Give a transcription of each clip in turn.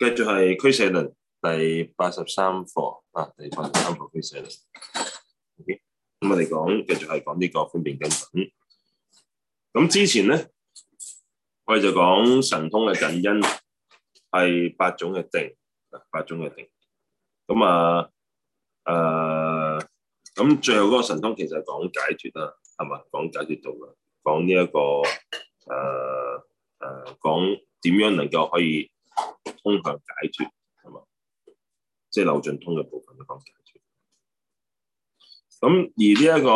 繼續係俱舍論第八十三課啊，第八十三課俱舍論。咁、okay. 我哋講，繼續係講呢、這個分別根品。咁之前咧，我哋就講神通嘅近因係八種嘅定，八種嘅定。咁啊誒，咁、啊、最後嗰個神通其實係講解脫啦，係咪？講解脫道啦，講呢、這、一個誒誒、啊啊，講點樣能夠可以。通向解脫係嘛？即係漏盡通嘅部分嘅方解脫。咁而呢、這、一個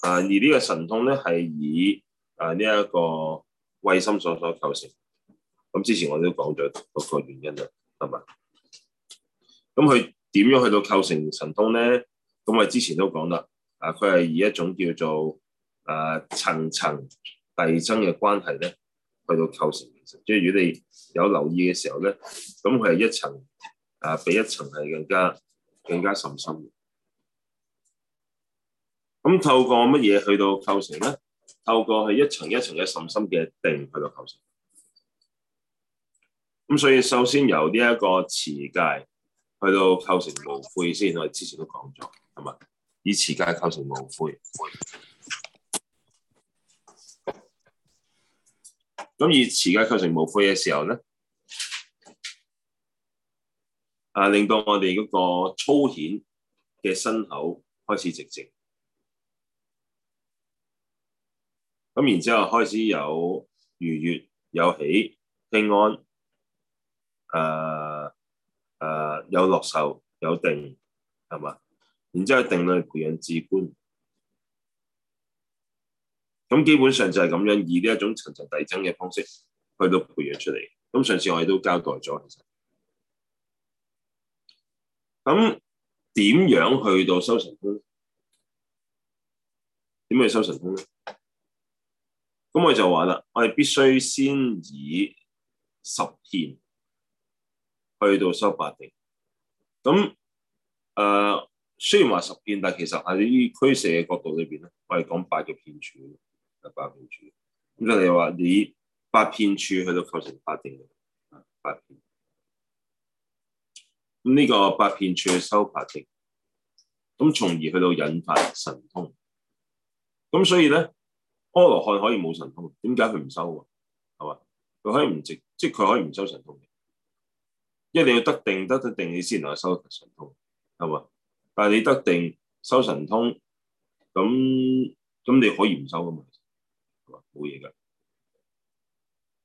啊，而呢個神通咧，係以啊呢一、這個慧心所所構成。咁之前我都講咗個個原因啦，係嘛？咁佢點樣去到構成神通咧？咁我之前都講啦，啊佢係以一種叫做啊層層遞增嘅關係咧，去到構成。即係如果你有留意嘅時候咧，咁佢係一層啊，比一層係更加更加甚深嘅。咁透過乜嘢去到構成咧？透過係一層一層嘅甚深嘅定去到構成。咁所以首先由呢一個持戒去到構成無悔先，我哋之前都講咗係咪？以持戒構成無悔。咁以持戒構成無悔嘅時候咧，啊令到我哋嗰個粗顯嘅身口開始直靜，咁然之後開始有愉悅、有喜、輕安，啊啊、有樂受、有定，係嘛？然之後定力培養智觀。咁基本上就係咁樣，以呢一種層層遞增嘅方式去到培養出嚟。咁上次我哋都交代咗其實，咁點樣去到修神通？點去修神通咧？咁我就話啦，我哋必須先以十遍去到修八定。咁誒、呃，雖然話十遍，但係其實喺呢俱舍嘅角度裏邊咧，我係講八嘅遍處。八遍處，咁就你話你八遍處去到構成八定，八遍。咁呢個八遍處去修八定，咁從而去到引發神通。咁所以咧，阿羅漢可以冇神通，點解佢唔修啊？係嘛，佢可以唔直，即係佢可以唔修神通嘅。一定要得定，得得定你先能夠修神通，係嘛？但係你得定修神通，咁咁你可以唔修噶嘛？冇嘢噶，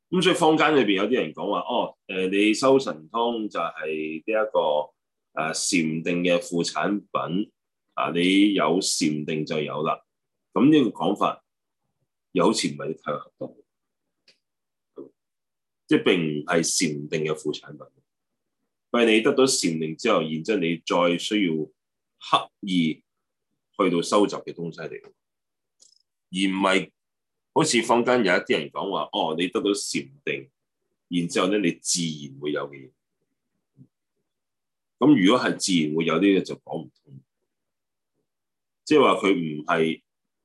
咁所以坊間裏邊有啲人講話，哦，誒、這個，你修神通就係呢一個誒禪定嘅副產品，啊，你有禪定就有啦，咁呢個講法又好似唔係太合理，即係並唔係禪定嘅副產品，係你得到禪定之後，然之後你再需要刻意去到收集嘅東西嚟，而唔係。好似坊間有一啲人講話，哦，你得到禪定，然之後咧，你自然會有嘅嘢。咁如果係自然會有啲嘢，就講唔通。即係話佢唔係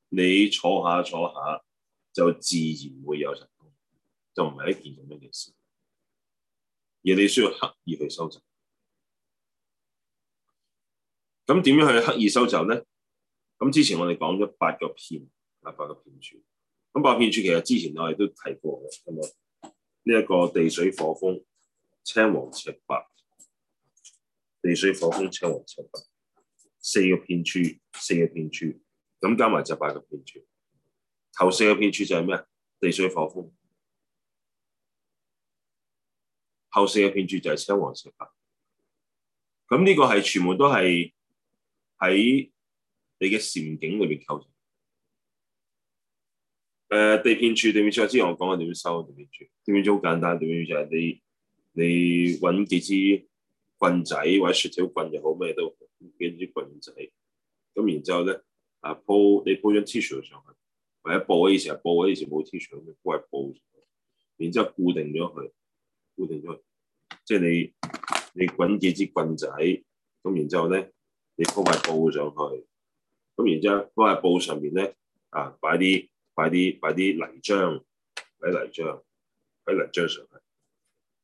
你坐下坐下就自然會有，成功，就唔係一件咁樣嘅事。而你需要刻意去收集。咁點樣去刻意收集咧？咁之前我哋講咗八個遍，八個遍處。咁八遍處其實之前我哋都提過嘅，咁啊呢一個地水火風青黃赤白，地水火風青黃赤白，四個遍處，四個遍處，咁加埋就八個遍處。頭四個遍處就係咩啊？地水火風，後四個遍處就係青黃赤白。咁呢個係全部都係喺你嘅禪境裏邊構成。誒、呃、地遍處地遍處，之前我講過點樣收地遍處。地遍處好簡單，地遍處就係你你揾幾支棍仔或者雪條棍又好，咩都幾支棍仔。咁然之後咧，啊鋪你鋪張 T 恤上去，或者布時候，以前係布時，以前冇 T 恤咁樣鋪塊布。然之後固定咗佢，固定咗。即係你你滾幾支棍仔，咁然之後咧，你鋪塊布上去，咁然之後鋪喺布上面咧，啊擺啲。擺啲擺啲泥漿喺泥漿喺泥漿上去。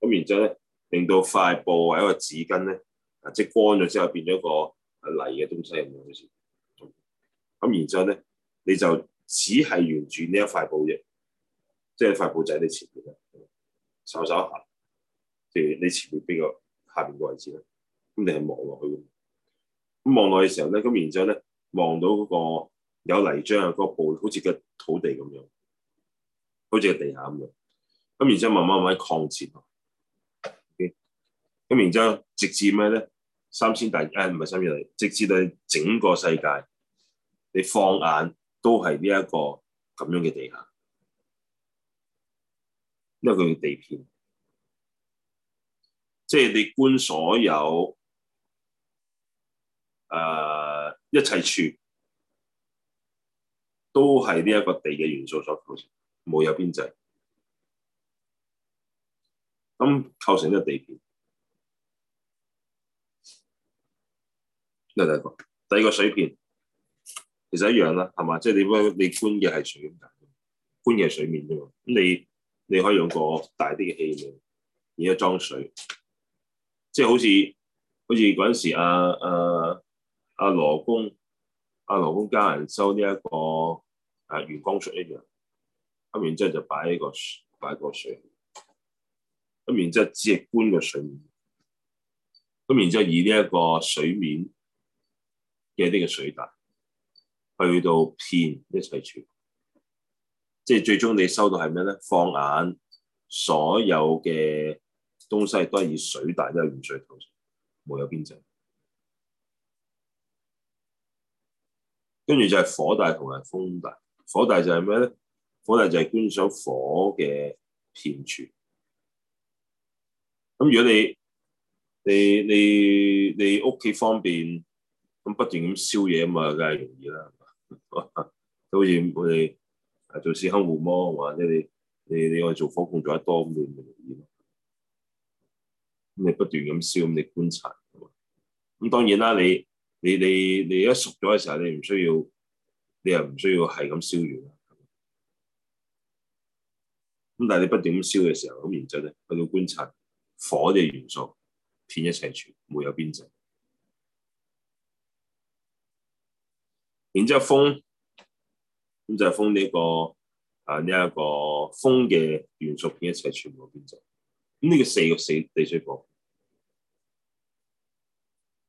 咁然之後咧，令到塊布或者個紙巾咧，嗱即係乾咗之後變咗個泥嘅東西咁樣好似，咁然之後咧，你就只係沿住呢一塊布啫，即係塊布仔喺你前面嘅，稍稍行，即係你前面比較下邊個位置咧，咁你係望落去嘅。咁望落去嘅時候咧，咁然之後咧，望到嗰、那個。有泥漿啊，個布好似個土地咁樣，好似個地下咁樣。咁然之後慢慢慢慢擴展，咁、okay? 然之後直至咩咧？三千大，誒唔係三千大，直至到整個世界，你放眼都係呢一個咁樣嘅地下，因為佢地片，即係你觀所有誒、呃、一切處。都係呢一個地嘅元素所構成的，冇有邊際，咁構成呢個地片。呢個第一個，第二個水片，其實一樣啦，係嘛？即係你，你觀你觀嘅係水面，觀嘅水面啫嘛。咁你你可以用個大啲嘅器皿，而家裝水，即係好似好似嗰陣時阿阿阿羅公。阿勞工家人收呢一個誒魚缸水一樣，咁然之後就擺呢個水，擺個水，咁然之後只係觀個水面，咁然之後以呢一個水面嘅呢個水大去到片一齊處，即係最終你收到係咩咧？放眼所有嘅東西都係以水大嘅鹽水構成，冇有邊際。跟住就係火大同埋風大，火大就係咩咧？火大就係觀想火嘅遍處。咁如果你你你你屋企方便，咁不斷咁燒嘢啊嘛，梗係容易啦。就好似我哋做師兄護摩，或者你你你我做火工做得多，咁你唔容易。咁你不斷咁燒，咁你觀察。咁當然啦，你。你你你一熟咗嘅時候，你唔需要，你又唔需要係咁燒完啦。咁但係你不斷咁燒嘅時候，咁然之後咧，去到觀察火嘅元素片一齊全，冇有邊際。然之後風，咁就係風呢個啊呢一個風嘅元素片一齊全部邊際。咁呢個四個四地水火。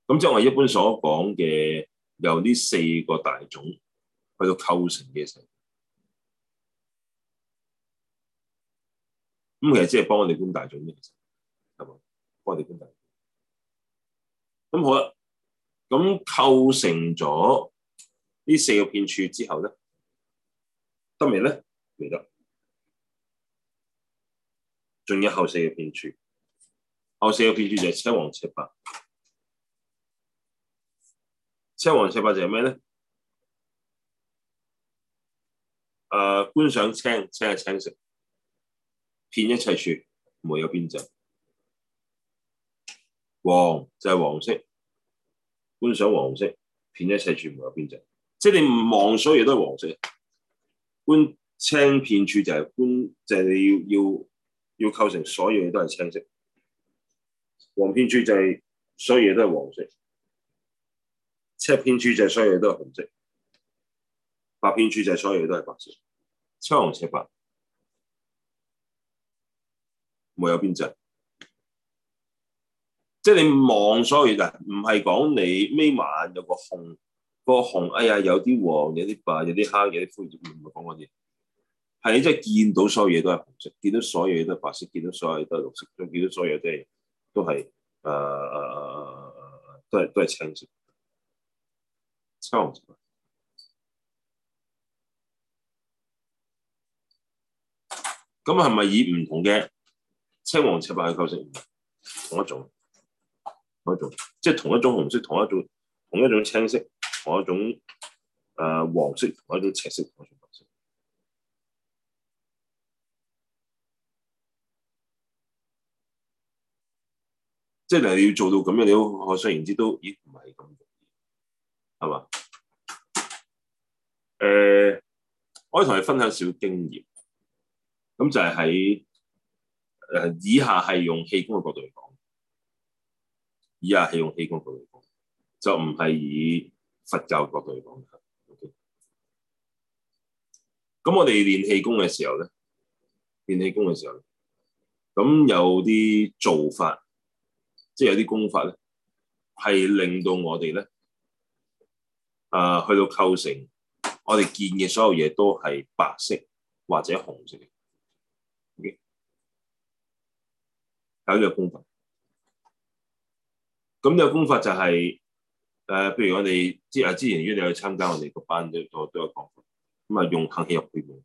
咁即係我一般所講嘅，由呢四個大種去到構成嘅成，咁其實即係幫我哋搬大種啫，係嘛？幫我哋搬大種。咁好啦、啊，咁構成咗呢四個遍處之後咧，今日咧未得，進一步四個遍處，後四個遍處就係青黃赤白。青黃赤白就係咩咧？誒、呃，觀想青，青係青色，遍一切處無有邊際。黃就係黃色，觀想黃色，遍一切處無有邊際。即係你望所有嘢都係黃色。觀青遍處就係、是、觀，就係、是、你要要要構成所有嘢都係青色。黃遍處就係所有嘢都係黃色。即係遍處，所有嘢都係紅色；白遍處，所有嘢都係白色。青紅赤白，冇有邊隻？即係你望所有嘢，就唔係講你眯眼有個紅，個紅哎呀有啲黃，有啲白，有啲黑，有啲灰。唔係講嗰啲，係你真係見到所有嘢都係紅色，見到所有嘢都係白色，見到所有嘢都係綠色，見到所有嘢都係都係誒、呃、都係都係青色。青，咁係咪以唔同嘅青黃赤白嘅構成同一種？同一種，即係同一種紅色，同一種同一種，同一種青色，同一種誒黃色，同一種赤色，同一種白色，即係你要做到咁樣，你可想而知都，已唔係咁。係嘛？誒，我、uh, 可以同你分享少少經驗。咁就係喺誒以下係用氣功嘅角度嚟講，以下係用氣功嘅角度嚟講，就唔係以佛教的角度嚟講。咁、okay? 我哋練氣功嘅時候咧，練氣功嘅時候呢，咁有啲做法，即、就、係、是、有啲功法咧，係令到我哋咧。誒去到構成，我哋見嘅所有嘢都係白色或者紅色嘅。有呢個功法，咁呢個功法就係、是、誒、呃，譬如我哋之啊之前約你去參加我哋個班嘅度都有講，咁啊用騰氣入去用，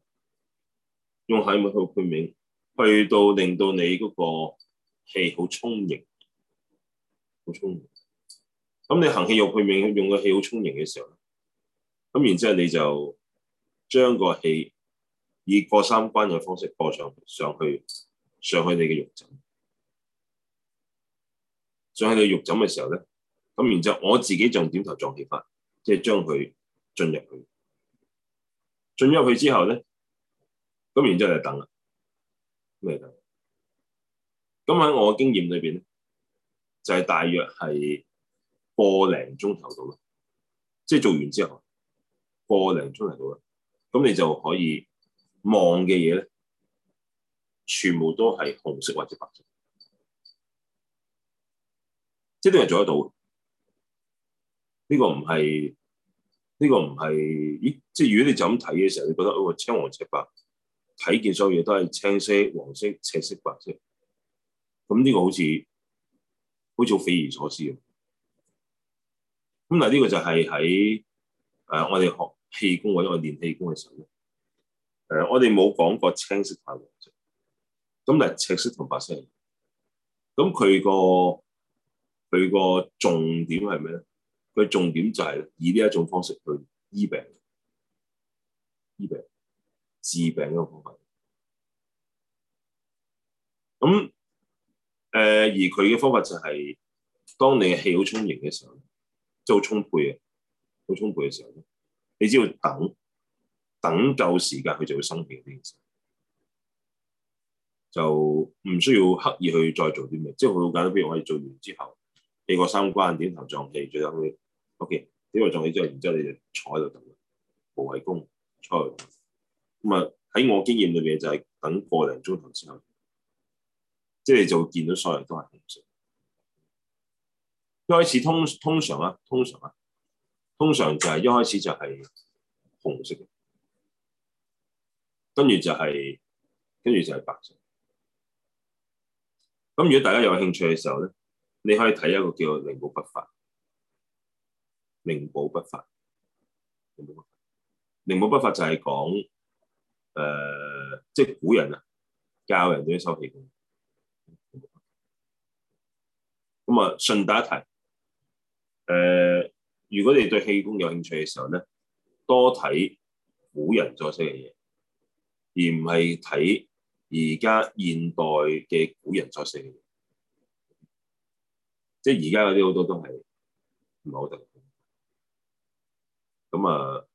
用氣末去配命，去到令到你嗰個氣好充盈，好充盈。咁你行氣用面用個氣好充盈嘅時候咧，咁然之後你就將個氣以過三關嘅方式過上上去上去你嘅肉枕，上去你嘅肉枕嘅時候咧，咁然之後我自己仲點頭撞氣法，即係將佢進入去，進咗入去之後咧，咁然之後就等啦，咁嚟等。咁喺我經驗裏邊咧，就係大約係。個零鐘頭到咯，即係做完之後，個零鐘頭到啦。咁你就可以望嘅嘢咧，全部都係紅色或者白色，即係都係做得到。呢、呢個唔係呢個唔係，咦？即係如果你就咁睇嘅時候，你覺得個、哦、青黃赤白，睇見所有嘢都係青色、黃色、赤色、白色，咁呢個好似好似匪夷所思咁但呢個就係喺誒我哋學氣功或者我哋練氣功嘅時候咧，誒、啊、我哋冇講過青色太黃色，咁但係赤色同白色。咁佢個佢個重點係咩咧？佢重點就係以呢一種方式去醫病、醫病、治病一個方法。咁誒、呃，而佢嘅方法就係、是、當你嘅氣好充盈嘅時候。即好充沛啊，好充沛嘅時候咧，你只要等，等夠時間佢就會生變呢件事就唔需要刻意去再做啲咩。即係好簡單，譬如我哋做完之後，你過三關，點頭撞氣，最後等佢 OK，點頭撞氣之後，然之後你就坐喺度等，無為功，坐。咁啊，喺我經驗裏邊就係、是、等個零鐘頭之後，即係你就會見到所有人都係正常。一開始通通常啊，通常啊，通常就係、是、一開始就係紅色嘅，跟住就係跟住就係白色。咁如果大家有興趣嘅時候咧，你可以睇一個叫《寧寶不法》，寧寶不法，明唔明啊？寧寶不法就係講誒，即、呃、係、就是、古人啊，教人點樣收皮嘅。咁啊，順帶一提。誒，uh, 如果你對氣功有興趣嘅時候咧，多睇古人作詩嘅嘢，而唔係睇而家現代嘅古人作詩嘅嘢，即係而家嗰啲好多都係唔係好特別。咁啊，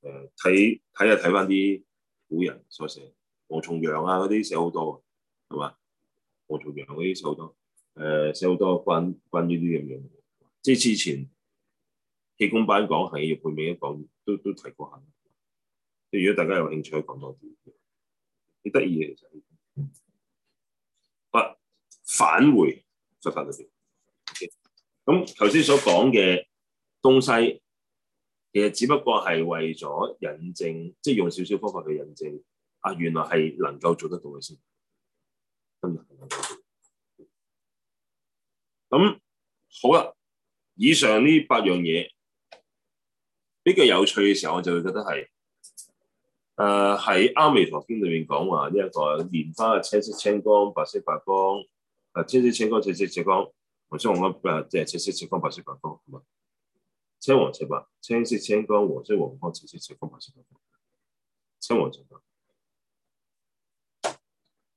誒睇睇下睇返啲古人作詩，王重陽啊嗰啲寫好多，係嘛？王重陽嗰啲寫好多，誒、呃、寫好多關關於呢樣嘢。即係之前氣功班講係要背面一講，都都提過下。即係如果大家有興趣講多啲，幾得意嘅其實。好啦，返回佛法裏邊。咁頭先所講嘅東西，其實只不過係為咗引證，即係用少少方法去引證。啊，原來係能夠做得到嘅先，今日。咁好啦。以上呢八樣嘢比較有趣嘅時候，我就會覺得係誒喺阿彌陀經裏面講話一、這個蓮花啊，青色青光，白色白光，誒、啊、青色青光，赤色赤光，黃色黃光，即係赤色赤光，白色白光，係嘛？青黃赤白，青色青光，黃色黃光，赤色赤光，白色白光，青黃赤白。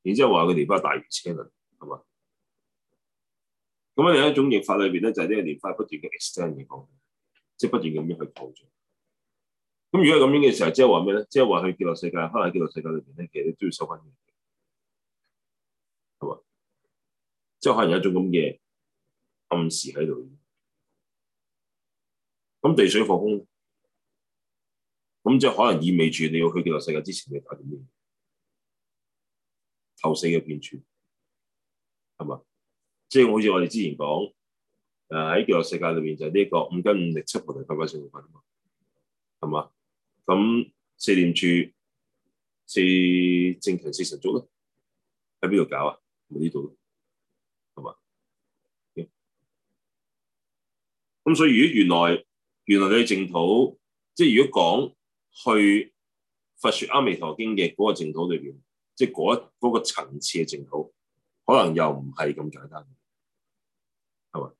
然之後話個蓮花大如車輪，係嘛？咁樣有一種逆法裏邊咧，就係、是、呢個逆法不斷嘅 extend 嘅講，即、就、係、是、不斷咁樣去擴張。咁如果咁樣嘅時候，即係話咩咧？即係話去極樂世界，可能喺極樂世界裏邊咧，其實都要收翻嘢，係嘛？即係可能有一種咁嘅暗示喺度。咁地水火空，咁即係可能意味住你要去極樂世界之前，你要打點嘢，頭四嘅遍處，係嘛？即係好似我哋之前講，誒喺個世界裏面就呢個五根五力七菩提八品四品啊嘛，係嘛？咁四念處、四正勤、四神足咧，喺邊度搞啊？喺呢度咯，係嘛？咁、okay. 所以如果原來原來你嘅淨土，即係如果講去佛説阿彌陀經嘅嗰個淨土裏面，即係嗰嗰個層次嘅淨土，可能又唔係咁簡單。係嘛？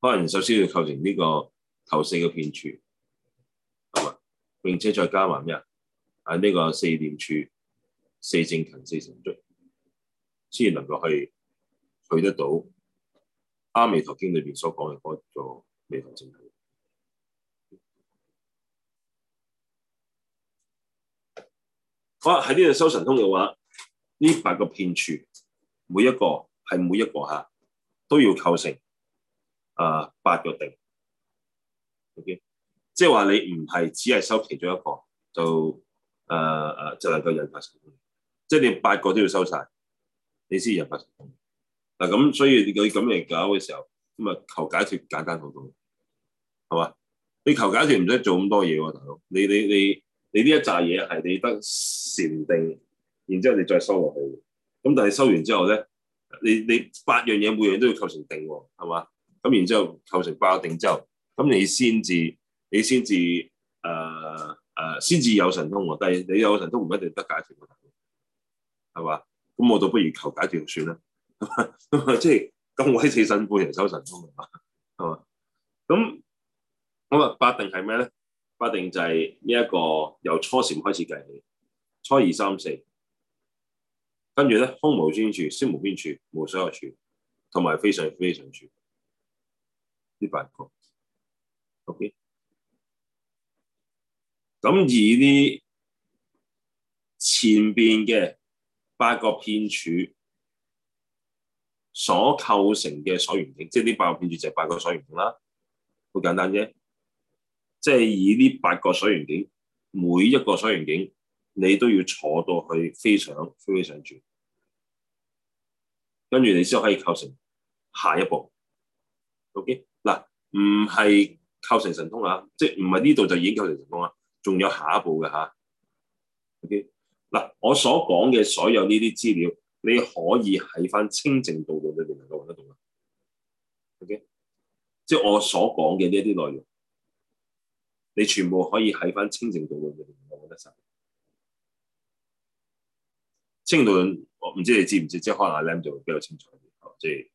可能首先要構成呢個頭四個遍處，係嘛，並且再加埋咩啊？喺呢個四念處、四正勤、四神足，先能夠去得到阿彌陀經裏邊所講嘅嗰座彌陀淨土。好啦，喺呢度修神通嘅話，呢八個遍處，每一個。係每一個吓都要構成誒、呃、八個定，O K，即係話你唔係只係收其中一個就誒誒、呃、就能夠引發成功，即、就、係、是、你八個都要收晒，你先引發成功。嗱、啊、咁，所以你咁嚟搞嘅時候咁啊求解脫簡單好多，係嘛？你求解脫唔使做咁多嘢喎、啊，大佬，你你你你呢一紮嘢係你得禪定，然之後你再收落去，咁但係收完之後咧。你你八樣嘢每樣都要構成定喎，係嘛？咁然之後構成八定之後，咁你先至你先至誒誒先至有神通喎。但係你有神通唔一定得解決喎，係嘛？咁我倒不如求解決算啦。即係咁鬼死辛苦嚟修神通啊嘛，係嘛？咁咁啊，八定係咩咧？八定就係呢一個由初禪開始計起，初二三四。跟住咧，空無邊處，識無邊處，無所有處，同埋非想非非想處，呢八個。OK。咁以呢前邊嘅八個遍處所構成嘅所緣境，即係呢八個遍處就係八個所緣境啦，好簡單啫。即係以呢八個所緣境，每一個所緣境。你都要坐到去非想非非想處，跟住你先可以構成下一步。O K，嗱，唔係構成神通啊，即係唔係呢度就已經構成神通啊，仲有下一步嘅吓。O K，嗱，我所講嘅所有呢啲資料，你可以喺翻清淨道論裏邊能夠揾得到啦。O K，即係我所講嘅呢啲內容，你全部可以喺翻清淨道論裏邊。清淨道論，我唔知你知唔知，即係可能阿 Lam 就會比較清楚啲，即係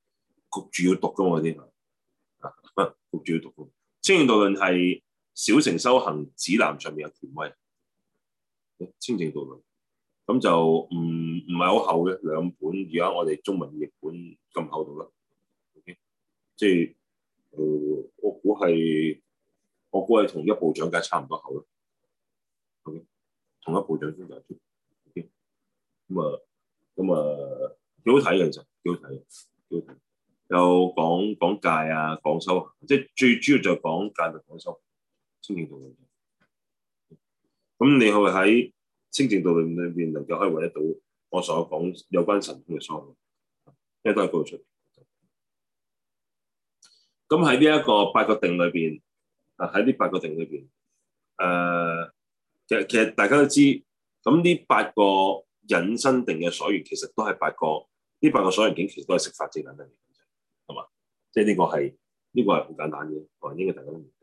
焗住要讀噶嘛啲，啊，焗住要讀。清淨道論係小乘修行指南上面嘅權威，清靜道論，咁就唔唔係好厚嘅，兩本而家我哋中文譯本咁厚度啦。OK，即係，誒、呃，我估係，我估係同一部長解差唔多厚咯。OK，同一部長先就。咁啊，咁啊、嗯，幾、嗯、好睇嘅其實，幾好睇嘅，幾好睇。有講講戒啊，講修，即係最主要就係講戒同講修。清淨道裏邊。咁你去喺清淨道裏面能夠可以揾得到我所講有關神通嘅喪，即係都係高出嚟。咁喺呢一個八個定裏邊，啊喺呢八個定裏邊，誒、呃，其實其實大家都知，咁呢八個。引生定嘅所緣其實都係八個，呢八個所緣境其實都係色法最、就是這個、簡單嘅，係嘛？即係呢個係呢個係好簡單嘅，可能大家都唔點。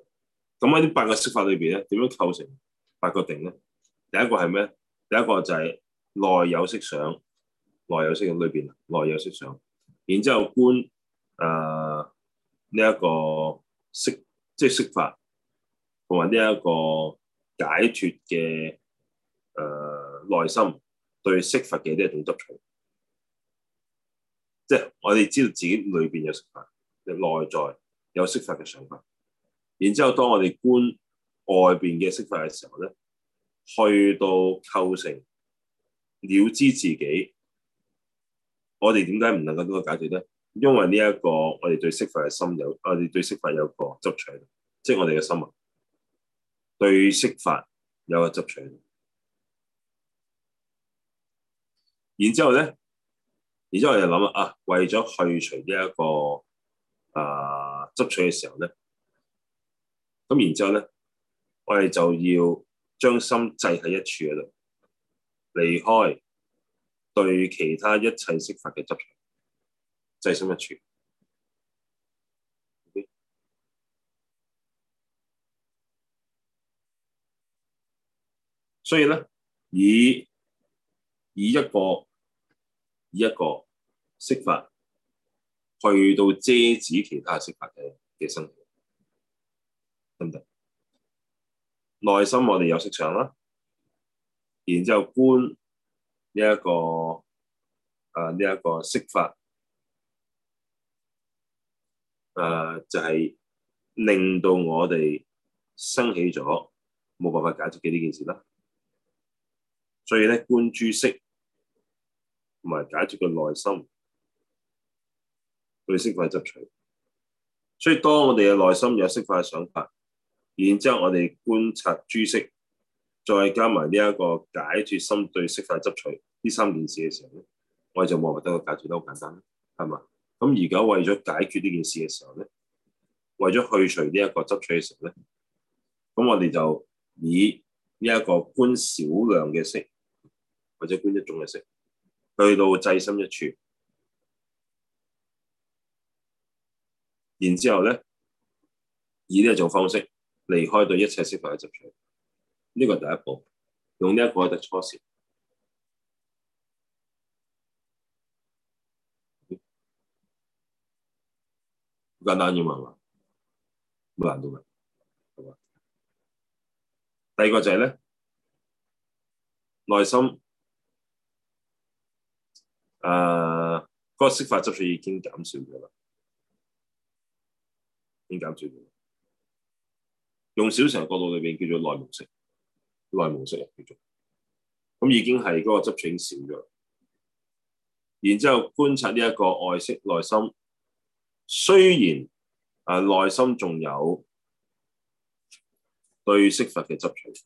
咁喺呢八個色法裏邊咧，點樣構成八個定咧？第一個係咩？第一個就係內有色想，內有色嘅裏邊，內有色想，然之後觀誒呢一個色，即係色法，同埋呢一個解脱嘅誒、呃、內心，對色法嘅呢一種執取，即係我哋知道自己裏邊有色法，內在有色法嘅想法。然之後，當我哋觀外邊嘅色法嘅時候咧，去到構成了知自己，我哋點解唔能夠呢個解決咧？因為呢一個我哋對色法嘅心有，我哋對色法有個執取，即係我哋嘅心啊，對色法有個執取。然之後咧，然之後我就諗啦，啊，為咗去除呢、這、一個啊執取嘅時候咧，咁然之後咧，我哋就要將心制喺一處度，離開對其他一切色法嘅執取，制心一處。Okay? 所以咧，以以一個以一個色法去到遮止其他嘅色法嘅嘅生起，真定內心我哋有色想啦，然之後觀呢、這、一個誒呢一個色法誒、啊、就係、是、令到我哋生起咗冇辦法解釋嘅呢件事啦，所以咧，觀諸色。同埋解決個內心對色法執取，所以當我哋嘅內心有色法嘅想法，然之後我哋觀察珠色，再加埋呢一個解決心對色法執取呢三件事嘅時候咧，我哋就冇法得覺個解決得好簡單啦，係嘛？咁而家為咗解決呢件事嘅時候咧，為咗去除呢一個執取嘅時候咧，咁我哋就以呢一個觀少量嘅色，或者觀一種嘅色，去到制心一處，然之後咧，以呢一種方式離開對一切色法嘅執取，呢個係第一步，用呢一個去突初時。簡單啲話話，冇難度。第二個就係咧，內心。誒，uh, 個色法執取已經減少咗啦，已經減少咗。用小乘角度裏邊叫做內無色，內無色嚟，叫做，咁已經係個執取已經少咗。然之後觀察呢一個外色內心，雖然誒、呃、內心仲有對色法嘅執取，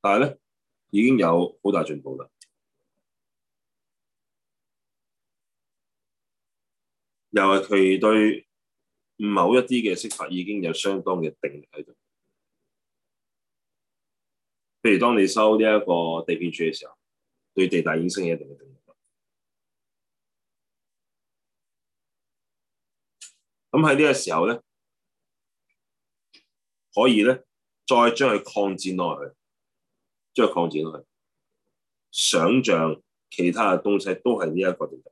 但係咧已經有好大進步啦。又係佢對某一啲嘅色法已經有相當嘅定力喺度，譬如當你收呢一個地遍處嘅時候，對地大影星有一定嘅定力。咁喺呢個時候咧，可以咧再將佢擴展落去，將佢擴展落去，想象其他嘅東西都係呢一個地大。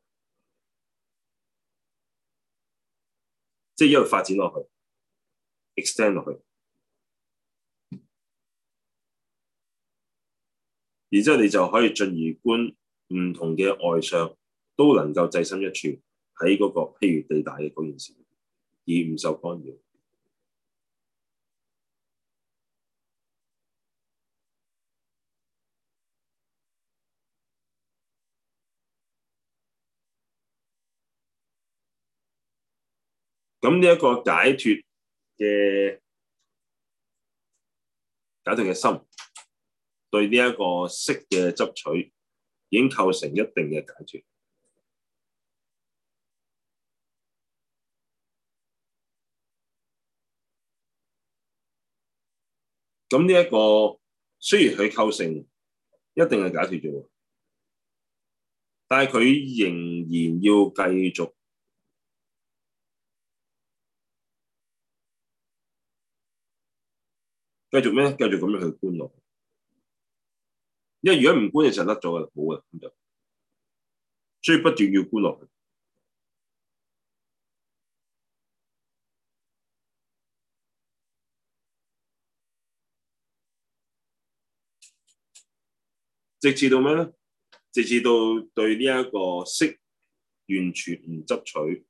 即一路發展落去，extend 落去，然之後你就可以進而觀唔同嘅外相，都能夠制心一處喺嗰個譬如地大嘅嗰件事，而唔受干擾。咁呢一個解脫嘅、解脫嘅心，對呢一個色嘅執取已經構成一定嘅解脫。咁呢一個雖然佢構成一定嘅解脫啫喎，但係佢仍然要繼續。繼續咩？繼續咁樣去觀落去，因為如果唔觀嘅時候，甩咗噶啦，冇噶啦，咁就，所以不斷要觀落去，直至到咩咧？直至到對呢一個色完全唔執取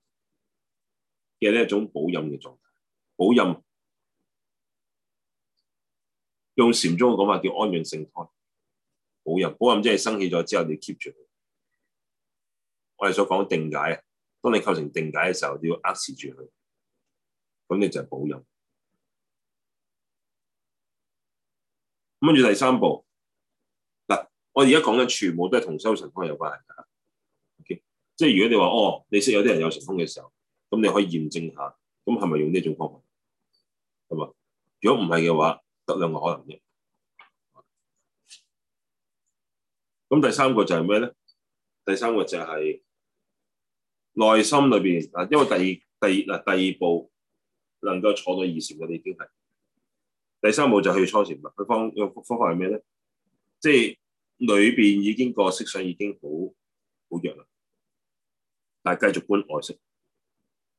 嘅呢一種保任嘅狀態，保任。用禪宗嘅講法叫安養性胎，保任保任即係生起咗之後，你 keep 住佢。我哋所講定解，當你構成定解嘅時候，你要扼持住佢，咁你就係保任。跟住第三步嗱，我而家講嘅全部都係同修神通有關,關係㗎。Okay? 即係如果你話哦，你識有啲人有神通嘅時候，咁你可以驗證下，咁係咪用呢種方法？係嘛？如果唔係嘅話，得兩個可能嘅。咁第三個就係咩咧？第三個就係內心裏邊，因為第二第嗱第二步能夠坐到二禪嘅，你已經係第三步就是去初禪啦。佢方方法係咩咧？即係裏邊已經個色想已經好好弱啦，但係繼續觀外色，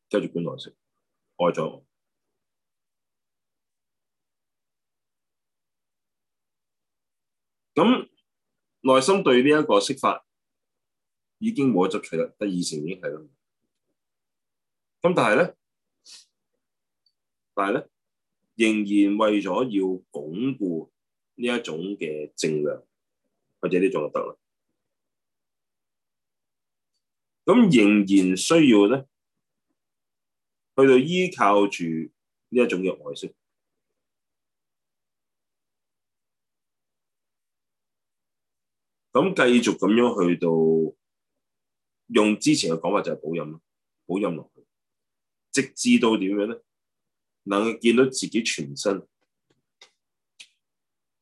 繼續觀外色，外在。咁，內心對呢一個色法已經冇咗執取啦，得以前已經係啦。咁但係咧，但係咧，仍然為咗要鞏固呢一種嘅證量，或者呢種就得啦。咁仍然需要咧，去到依靠住呢一種嘅外色。咁繼續咁樣去到用之前嘅講法就係保任咯，保任落去，直至到點樣咧？能夠見到自己全身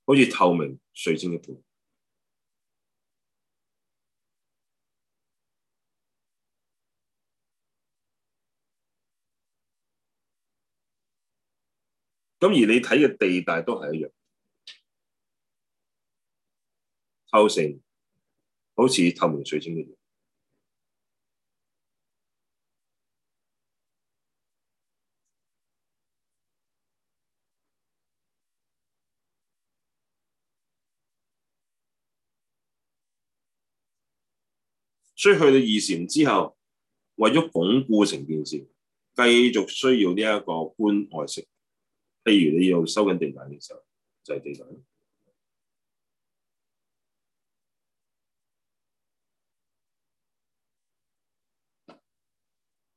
好似透明水晶一般。咁而你睇嘅地帶都係一樣。構成，好似透明水晶一樣。所以去到二禪之後，為咗鞏固成件事，繼續需要呢一個觀外色。譬如你要收緊地遍嘅時候，就係、是、地遍。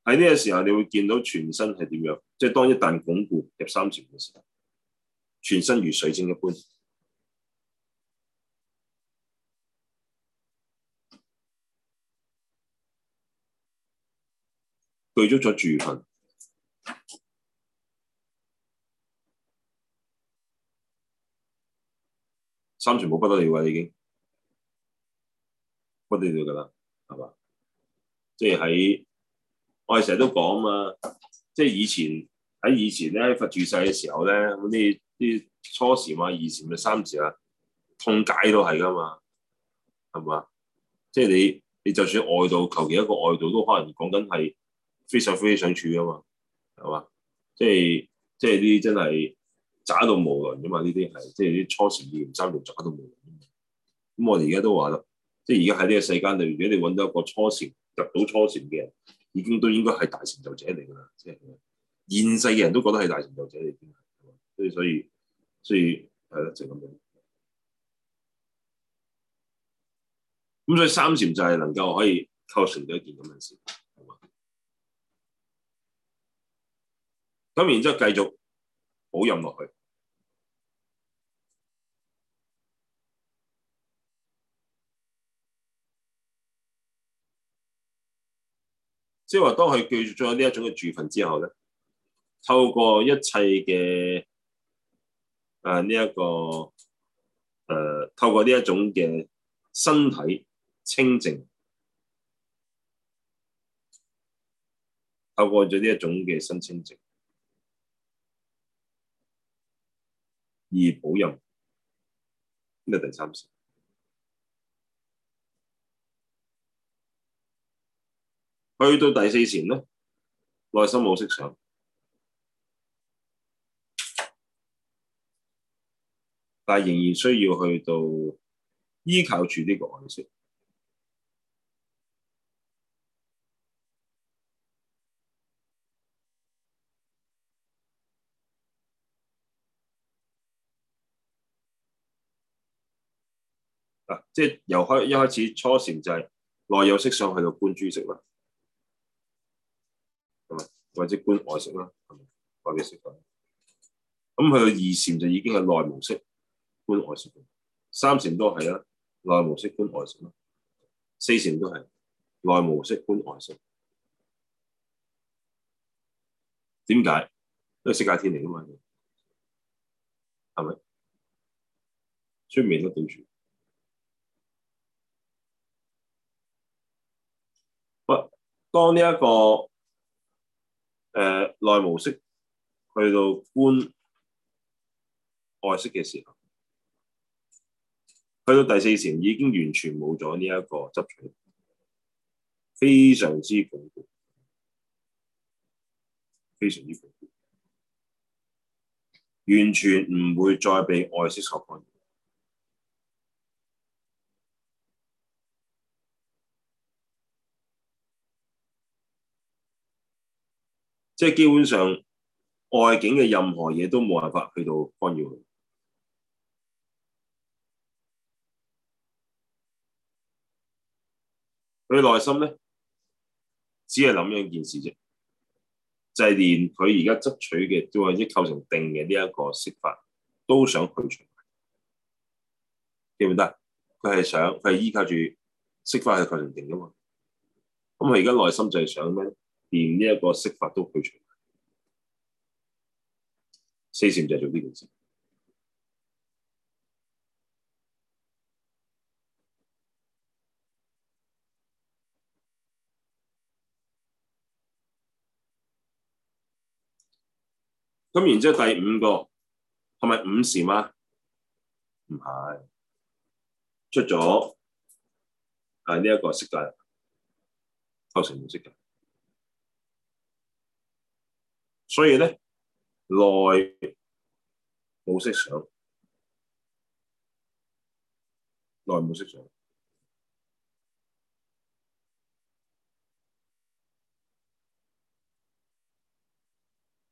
喺呢個時候，你會見到全身係點樣？即係當一旦鞏固入三禪嘅時候，全身如水晶一般，對足咗住份三全部不得了啊！已經不得了噶啦，係嘛？即係喺。我哋成日都講嘛，即係以前喺以前咧，佛住世嘅時候咧，咁你啲初禪啊、以前咪三禪啊，通解都係噶嘛，係咪？即係你你就算外道求其一個外道都可能講緊係非想非非想處噶嘛，係、就是就是、嘛？即係即係啲真係渣到無倫噶嘛？呢啲係即係啲初禪二禪三禪渣到無倫噶嘛？咁我哋而家都話啦，即係而家喺呢個世間度，如果你揾到一個初禪入到初禪嘅已經都應該係大成就者嚟㗎啦，即係現世嘅人都覺得係大成就者嚟嘅，所以所以所以係咯，就係咁樣。咁所以三禪就係能夠可以構成咗一件咁樣嘅事，咁然之後繼續保任落去。即係話，當佢記住咗呢一種嘅住份之後咧，透過一切嘅誒呢一個誒、呃，透過呢一種嘅身體清淨，透過咗呢一種嘅身清淨，而保任。呢個第三步。去到第四禪咧，內心冇色想，但係仍然需要去到依靠住呢個顏色。嗱、啊，即係由開一開始初禪就係內有色想去到觀諸色啦。或者觀外色啦，係咪？外境色法。咁去到二禪就已經係內無色觀外色；三禪都係啦，內無色觀外色啦。四禪都係內無色觀外色。點解？因為色界天嚟噶嘛，係咪？出面都對住。喂，當呢、這、一個。誒、uh, 內無色去到觀外色嘅時候，去到第四層已經完全冇咗呢一個執取，非常之恐怖，非常之恐怖，完全唔會再被外色所困。即係基本上外境嘅任何嘢都冇辦法去到干擾佢。佢內心咧，只係諗一件事啫，就係、是、連佢而家執取嘅，即或者構成定嘅呢一個識法，都想去除。記唔記得。佢係想，佢係依靠住識法去構成定㗎嘛。咁佢而家內心就係想咩咧？連呢一個色法都去除，四禪就係做呢件事。咁然之後第五個係咪五禪嗎？唔係，出咗誒呢一個色界，構成無色界。所以咧，內冇色想，內冇色想，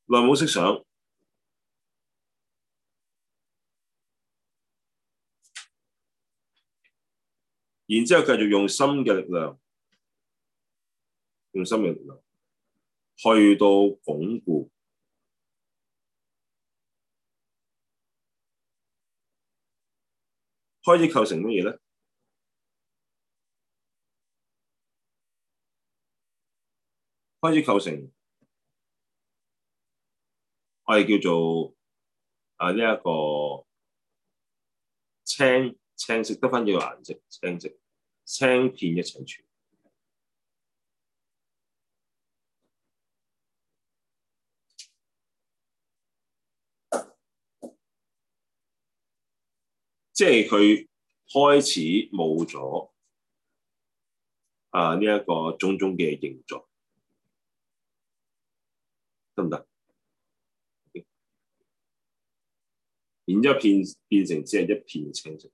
內冇色想，然之後繼續用心嘅力量，用心嘅力量。去到鞏固，開始構成乜嘢咧？開始構成我哋叫做啊呢一、這個青青色得分嘅顏色，青色青片嘅層次。即係佢開始冇咗啊呢一個種種嘅形狀，得唔得？然之後變成變成只係一片青色。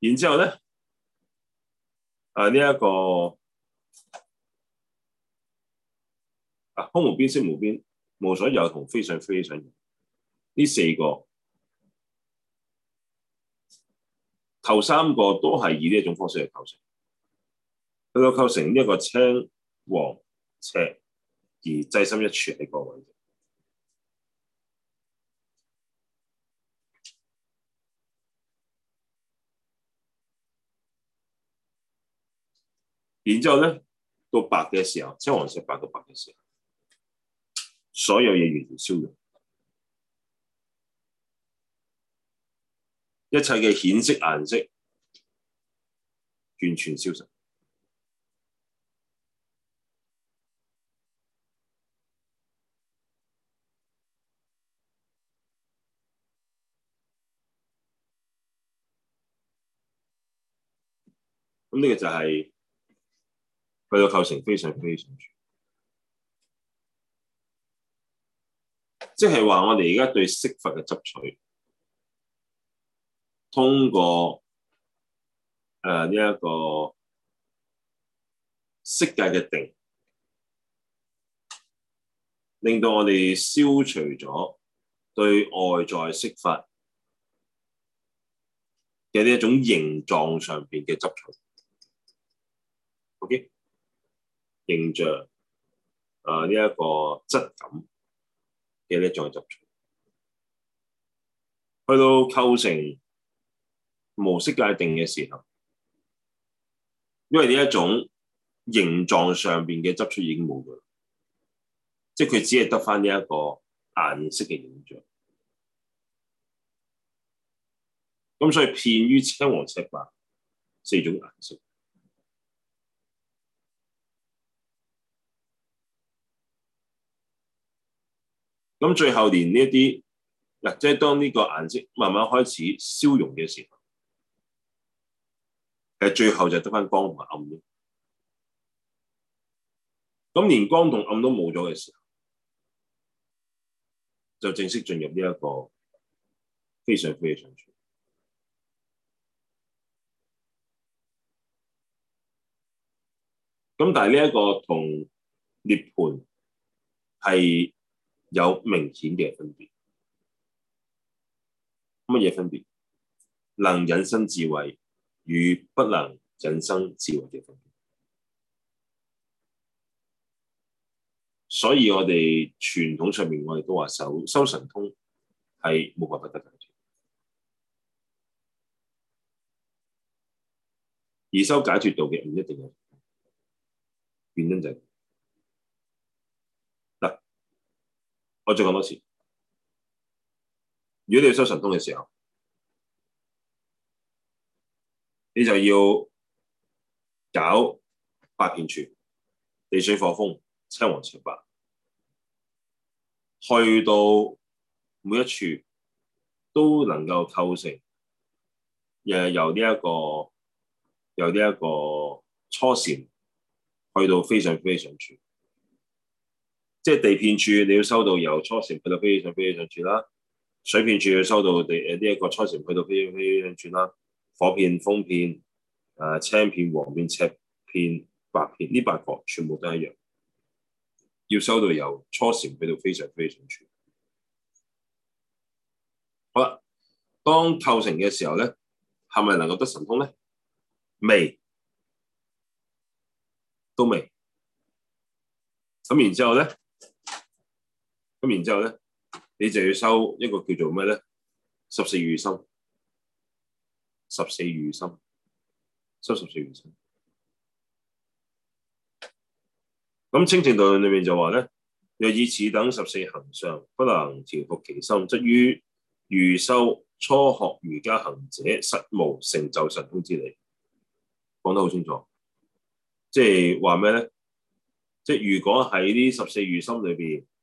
然之後咧，誒呢一個啊空無邊，色無邊，無所有同非想非非想。呢四個頭三個都係以呢一種方式嚟構成，佢個構成呢一個青黃赤而制心一處喺、這個位。然之後咧，到白嘅時候，青黃色白到白嘅時候，所有嘢完全消融，一切嘅顯色顏色完全消失。咁呢個就係、是。去到構成非常非常全，即係話我哋而家對色法嘅執取，通過誒呢一個色界嘅定，令到我哋消除咗對外在色法嘅呢一種形狀上邊嘅執取。OK。形象，誒、啊、呢、這個、一個質感嘅呢種執出，去到構成模式界定嘅時候，因為呢一種形狀上邊嘅執出已經冇咗，即係佢只係得返呢一個顏色嘅形象。咁所以偏於青黃赤白四種顏色。咁最後，連呢一啲，嗱，即係當呢個顏色慢慢開始消融嘅時候，其實最後就得翻光同暗啫。咁連光同暗都冇咗嘅時候，就正式進入呢一個非常非常。咁但係呢一個同涅槃係。有明顯嘅分別，乜嘢分別？能引生智慧與不能引生智慧嘅分別。所以我哋傳統上面我哋都話，修修神通係冇辦法得解脱，而修解脱道嘅唔一定有，原因就係。我再講多次，如果你要修神通嘅時候，你就要搞八遍處、地水火風、青黃赤白，去到每一處都能夠構成，誒由呢、這、一個由呢一個初禪去到非想非非想處。即係地遍處，你要收到由初禪去到非想非非想處啦。水遍處要收到地誒呢一個初禪去到非想非非想處啦。火遍、風遍、誒、呃、青遍、黃遍、赤遍、白遍，呢八個全部都係一樣，要收到由初禪去到非想非非想處。好啦，當構成嘅時候咧，係咪能夠得神通咧？未，都未。咁然之後咧？咁然之後咧，你就要修一個叫做咩咧？十四御心，十四御心，修十四御心。咁清淨道論裏面就話咧，若以此等十四行相，不能調伏其心，則於預修初學瑜伽行者，實無成就神通之理。講得好清楚，即係話咩咧？即係如果喺呢十四御心裏邊。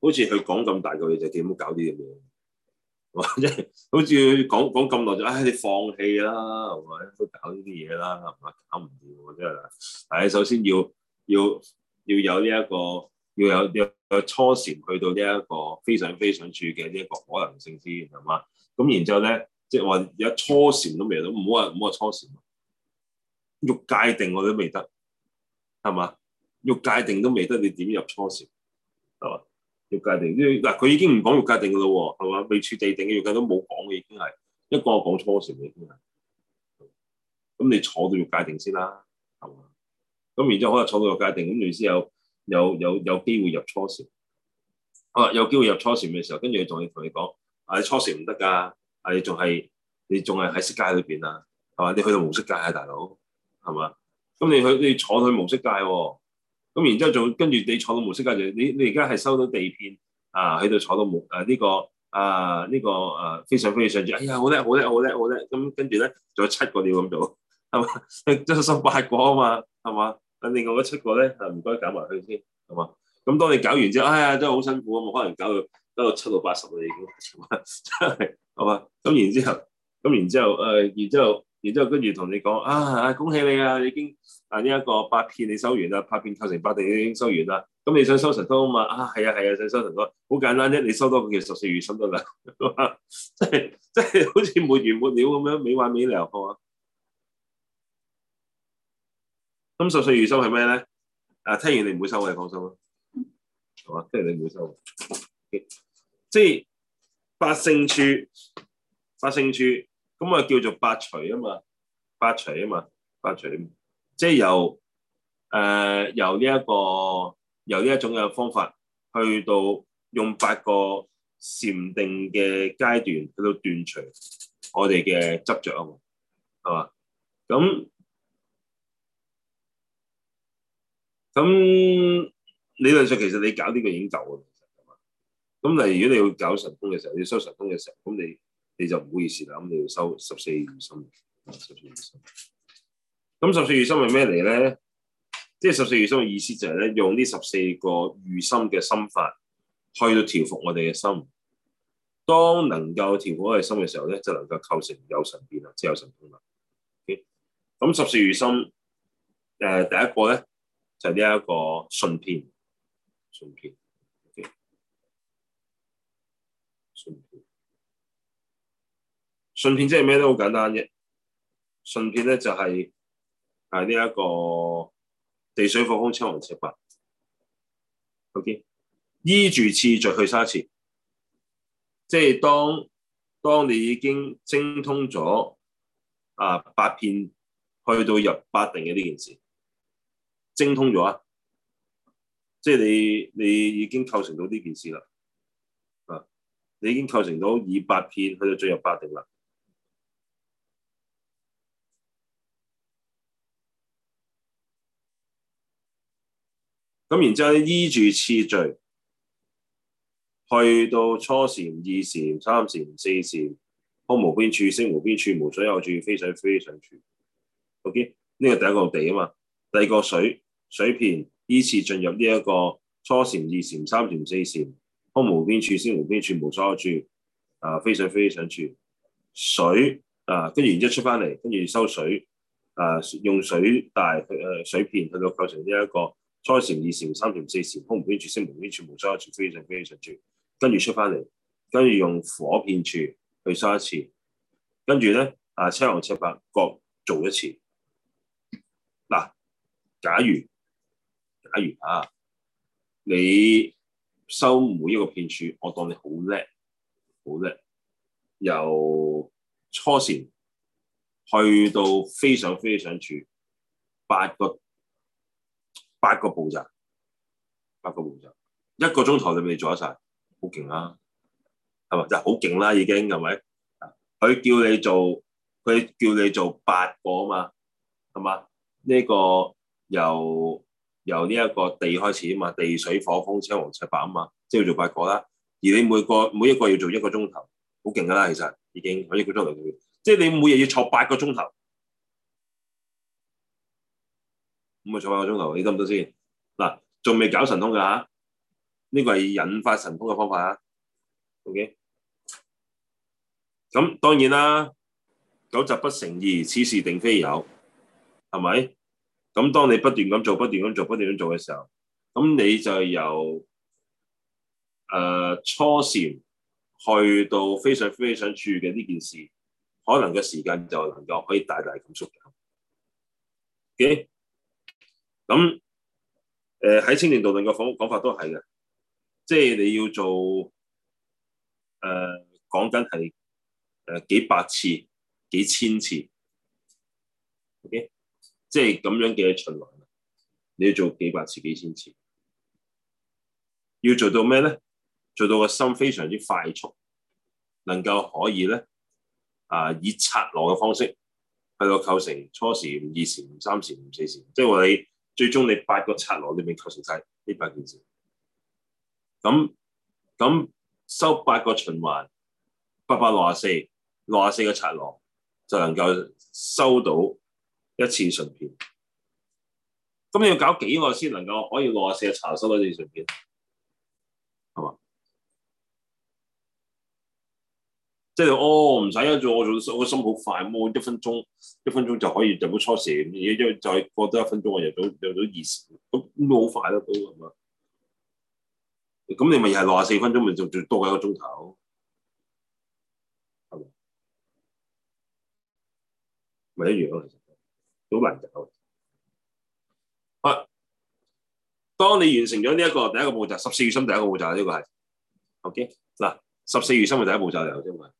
好似佢講咁大個嘢就點樣搞啲咁樣喎，或 者好似佢講講咁耐就唉、哎、你放棄啦，係嘛？唔好搞呢啲嘢啦，係嘛？搞唔掂喎，真係。唉，首先要要要有呢一個要有有有初禪去到呢一個非想非非想處嘅呢一個可能性先係嘛？咁然之後咧，即係話有初禪都未到，唔好話唔好話初禪，欲界定我都未得，係嘛？欲界定都未得，你點入初禪？係嘛？要界定，嗱佢已經唔講要界定噶啦，係嘛？未處地定嘅界定都冇講嘅，已經係一個講初禪嘅，已經係。咁你坐到要界定先啦，係嘛？咁然之後可以坐到要界定，咁意思有有有有機會入初禪。好啦，有機會入初禪嘅時候，跟住仲要同你講，啊你初禪唔得㗎，啊你仲係你仲係喺色界裏邊啊，係嘛？你去到無色界啊，大佬，係嘛？咁你去你坐去無色界喎、啊。咁然之後仲跟住你坐到模式㗎，就你你而家係收到地遍啊，喺度坐到模誒呢、啊這個啊呢、這個誒、啊、非常非常之，哎呀好叻好叻好叻好叻！咁跟住咧，仲有七個遍咁做，係嘛？真係十八個啊嘛，係嘛？咁另外嗰七個咧，誒唔該搞埋去先，係嘛？咁當你搞完之後，哎呀真係好辛苦啊！我可能搞到搞到七到八十啦已經，真係係嘛？咁然之後，咁然之後誒然之後。然後然後然之後跟住同你講啊啊恭喜你啊已經啊呢一、這個八遍你修完啦，八遍構成八定已經修完啦。咁你想修成多啊？啊係啊係啊，想修成多好簡單啫。你修多件十四御心得啦，係即係即係好似沒完沒了咁樣，未完未了好嘛？咁十四御心係咩咧？啊，聽完你唔會修嘅，你放心啦。係嘛？聽完你唔會修即係八勝處，八勝處。咁啊叫做八除啊嘛，八除啊嘛，八除，即係由誒、呃、由呢、這、一個由呢一種嘅方法去到用八個禪定嘅階段去到斷除我哋嘅執着啊，係嘛？咁咁理論上其實你搞呢個已經夠啊，咁例如果你要搞神通嘅時候，你要收神通嘅時候，咁你。你就唔好意思啦，咁你要收十四御心。十四御心，咁十四御心係咩嚟咧？即係十四御心嘅意思就係咧，用呢十四個御心嘅心法去到調伏我哋嘅心。當能夠調伏我哋心嘅時候咧，就能夠構成有神變啦，即、就是、有神通啦。咁十四御心，誒、呃，第一個咧就係呢一個順遍，順遍，okay? 順遍。順遍即係咩都好簡單啫。順遍咧就係係呢一個地水火風青黃赤白。OK，依住次序去沙池，即係當當你已經精通咗啊八遍，去到入八定嘅呢件事，精通咗啊，即係你你已經構成到呢件事啦。啊，你已經構成到以八遍去到進入八定啦。咁然之後咧，依住次序去到初禪、二禪、三禪、四禪，空無邊處、識無邊處、無所有處、非想非非想處。OK，呢個第一個地啊嘛，第二個水水片依次進入呢一個初禪、二禪、三禪、四禪，空無邊處、識無邊處、無所有處、啊非想非非想處。水啊，跟住然之後出翻嚟，跟住收水啊，用水帶去水片去到構成呢、這、一個。初禪、二禪、三禪、四禪，空無邊處，識無邊處、無所有處，非想非非想處，跟住出翻嚟，跟住用火遍處去修一次，跟住咧啊，七行七百個做一次。嗱、啊，假如假如啊，你修每一個遍處，我當你好叻，好叻，由初禪去到非想非非想處，八個，八個步驟，八個步驟，一個鐘頭你咪做晒，好勁啦，係咪？即係好勁啦，已經係咪？佢叫你做，佢叫你做八個啊嘛，係嘛？呢個由由呢一個地開始啊嘛，地水火風青黃赤白啊嘛，即係要做八個啦。而你每個每一個要做一個鐘頭，好勁噶啦，其實、啊、已經可一個鐘頭即係你每日要坐八個鐘頭。咁啊，坐翻個鐘頭，你得唔得先？嗱，仲未搞神通噶吓，呢個係引發神通嘅方法啊。O K，咁當然啦，久習不成易，此事定非有，係咪？咁當你不斷咁做、不斷咁做、不斷咁做嘅時候，咁你就由誒、呃、初禪去到非想非非想處嘅呢件事，可能嘅時間就能夠可以大大咁縮減。O K。咁喺清凈道論嘅講法都係嘅，即係你要做誒、呃、講緊係誒幾百次、幾千次，OK，即係咁樣嘅循環，你要做幾百次、幾千次，要做到咩咧？做到個心非常之快速，能夠可以咧啊、呃，以刷落嘅方式去到構成初時、二時、五三時五、四時，即係話你。最終你八個刷羅你未構成曬呢八件事，咁咁收八個循環，八百六十四六十四個刷羅，就能夠收到一次順遍。咁你要搞幾耐先能夠可以六十四日查收到一次順遍？即哦，唔使跟住我做我心好快，咁一分鐘一分鐘就可以就冇初時咁嘅，再過多一分鐘，我就到又到二咁，都好快得到，咁啊！咁你咪係六十四分鐘，咪就最多一個鐘頭？係咪？咪一樣，其實好難搞。啊！當你完成咗呢一個第一個步驟，十四御心第一個步驟呢、這個係 OK 嗱，十四御心嘅第一步驟嚟，即係嘛。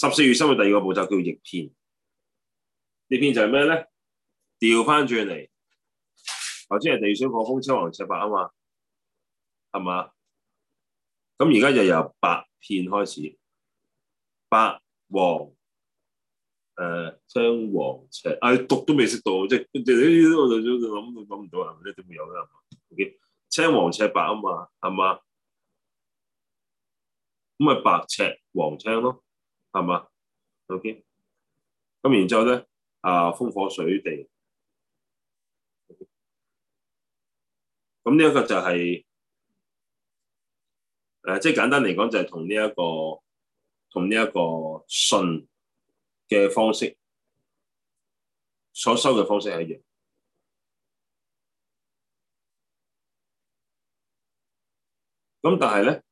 十四御心嘅第二個步驟叫逆遍，逆遍就係咩咧？掉翻轉嚟，頭先係地水火風青黃赤白啊嘛，係嘛？咁而家就由白遍開始，白黃誒、呃、青黃赤，啊，讀都未識到，即係你你都諗都諗唔到係咪，你點會有咧？係嘛？O K，青黃赤白啊嘛，係嘛？咁咪白赤黃青咯。係咪？OK。咁然之後咧，啊風火水地。咁呢一個就係誒，即係簡單嚟講，就係同呢一個同呢一個信嘅方式所收嘅方式係一樣。咁但係咧，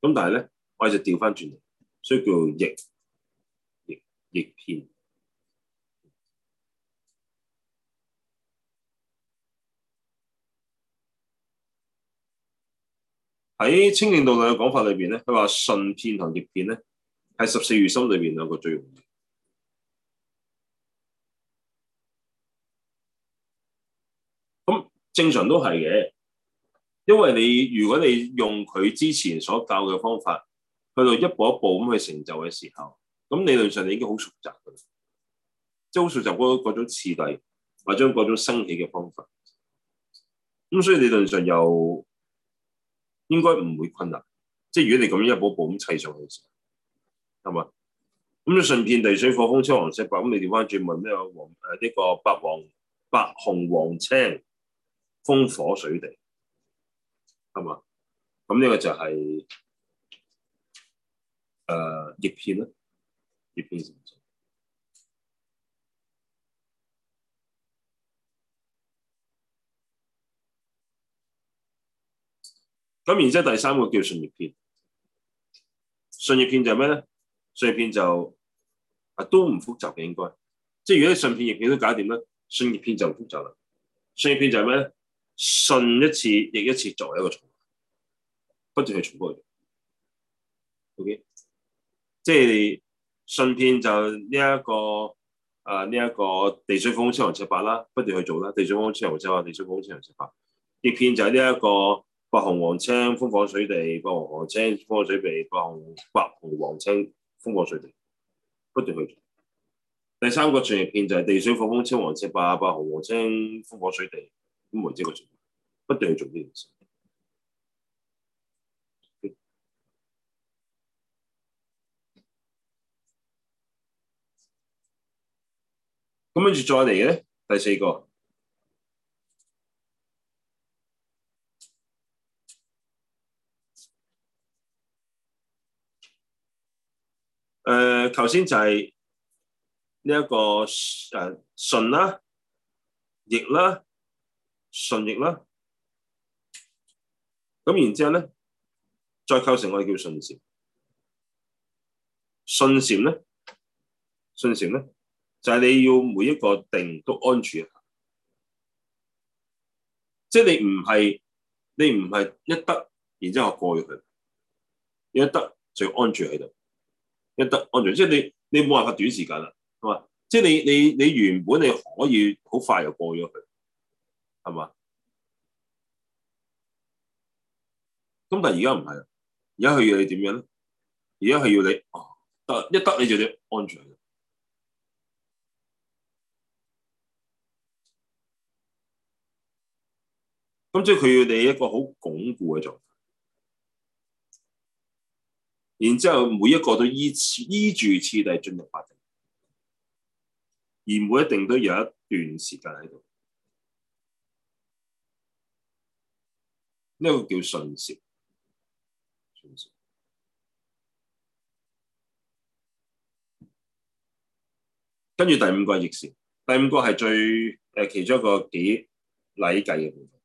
咁但係咧。我哋就掉返轉嚟，所以叫逆逆逆遍。喺清淨道論嘅講法裏邊咧，佢話順遍同逆遍咧係十四御心裏面兩個最容易。咁正常都係嘅，因為你如果你用佢之前所教嘅方法。去到一步一步咁去成就嘅時候，咁理論上你已經好熟習㗎喇，即係好熟習嗰嗰種次第，或者嗰種升起嘅方法。咁所以理論上又應該唔會困難，即係如果你咁樣一步一步咁砌上去嘅時候，係嘛？咁你順遍地水火風青黃赤白，咁你調翻轉問咩黃誒呢個白黃白紅黃青，風火水地，係嘛？咁呢個就係、是。呃，逆遍咧，逆遍點做？咁然之後第三個叫順逆遍，順逆遍就咩咧？順逆遍就啊都唔複雜嘅，應該即係如果你順遍逆遍都搞掂啦，順逆遍就唔複雜啦。順逆遍就係咩咧？順一次，逆一次，作為一個重不斷去重複去。O K。即係順遍就呢、這、一個誒呢一個地水火風青黃赤白啦，不斷去做啦。地水風青黃赤白，地水火風青黃赤白。逆遍就係呢一個白紅黃青風火水地，白紅黃青風火水地，白紅白紅黃青風火水、水地，不斷去做。第三個順逆遍就係地水火風青黃赤白，白紅黃青風火水地，咁為之個順逆遍，不斷去做呢件事。咁跟住再嚟嘅咧，第四個，誒、呃，頭先就係呢一個誒順啦、逆啦、順逆啦，咁、啊、然之後咧，再構成我哋叫順禪。順禪咧，順禪咧。就係你要每一個定都安全一下，即係你唔係你唔係一得，然之後過咗佢，一得就要安住喺度，一得安住，即係你你冇辦法短時間啦，係嘛？即係你你你原本你可以好快就過咗佢，係嘛？咁但係而家唔係，而家佢要你點樣咧？而家佢要你，哦，得一得你就要安全。咁即係佢要你一個好鞏固嘅狀態，然之後每一個都依依住次第進入八定，而每一定都有一段時間喺度，呢、這個叫順禪。跟住第五個逆禪，第五個係最誒、呃、其中一個幾禮計嘅部分。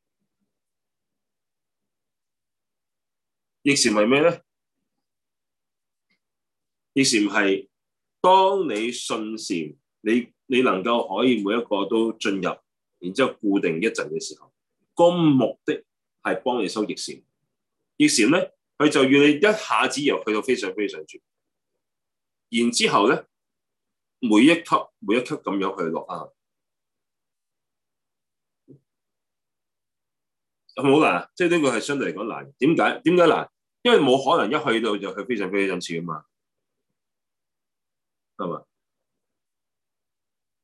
逆禪係咩咧？逆禪係當你順禪，你你能夠可以每一個都進入，然之後固定一陣嘅時候，個目的係幫你收逆禪。逆禪咧，佢就要你一下子又去到非想非非想處，然之後咧，每一級每一級咁樣去落啊。有冇難，即係呢個係相對嚟講難。點解？點解難？因為冇可能一去到就係非常非常似啊嘛，係嘛？